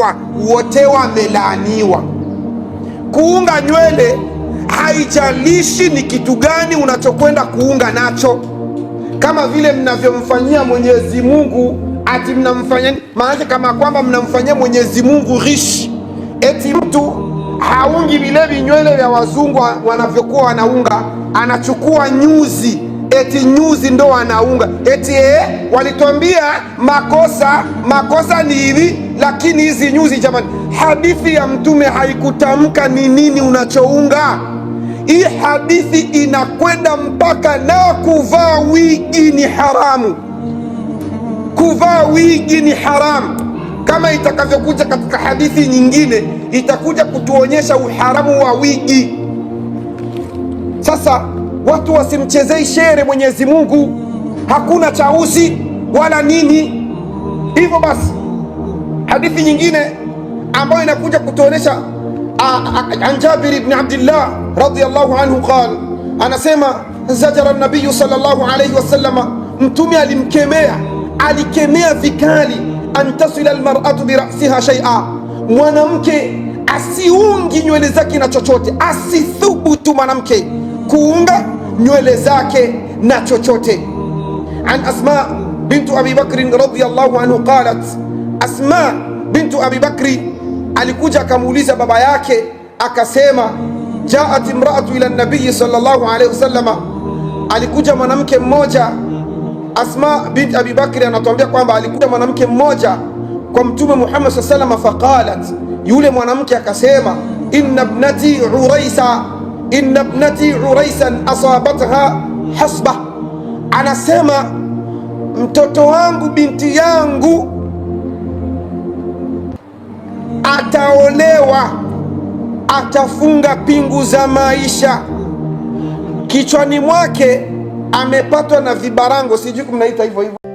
wametengwa, wote wamelaaniwa. Kuunga nywele, haijalishi ni kitu gani unachokwenda kuunga nacho, kama vile mnavyomfanyia Mwenyezi Mungu ati mnamfanya maanake, kama kwamba mnamfanyia Mwenyezi Mungu rishi, eti mtu haungi vile vinywele vya wazungu wanavyokuwa wanaunga, anachukua nyuzi eti nyuzi ndo wanaunga eti eh, walitwambia makosa makosa ni hivi, lakini hizi nyuzi jamani, hadithi ya Mtume haikutamka ni nini unachounga. Hii hadithi inakwenda mpaka na kuvaa wigi ni haramu, kuvaa wigi ni haramu, kama itakavyokuja katika hadithi nyingine itakuja kutuonyesha uharamu wa wigi. Sasa watu wasimchezei shere Mwenyezi Mungu, hakuna chausi wala nini. Hivyo basi, hadithi nyingine ambayo inakuja kutuonesha an Jabir ibn Abdillah radiyallahu anhu qal, anasema zajara nabiyu sallallahu alayhi wasallama, mtume alimkemea, alikemea vikali, antasila almar'atu birasiha shay'a, mwanamke asiungi nywele zake na chochote, asithubutu mwanamke kuunga nywele zake na chochote. An Asma bintu Abi Bakri radhiyallahu anhu qalat, Asma bintu Abi Bakri alikuja akamuuliza baba yake akasema, jaat imraatu ila nabiyi sallallahu alayhi wasallama, alikuja mwanamke mmoja. Asma bint Abi Bakri anatuambia kwamba alikuja mwanamke mmoja kwa Mtume Muhammad sallallahu alayhi wasallama, faqalat, yule mwanamke akasema, inna ibnati Uraisa inna ibnati uraisan asabatha hasba, anasema mtoto wangu binti yangu ataolewa, atafunga pingu za maisha. Kichwani mwake amepatwa na vibarango, sijui kumnaita hivyo hivyo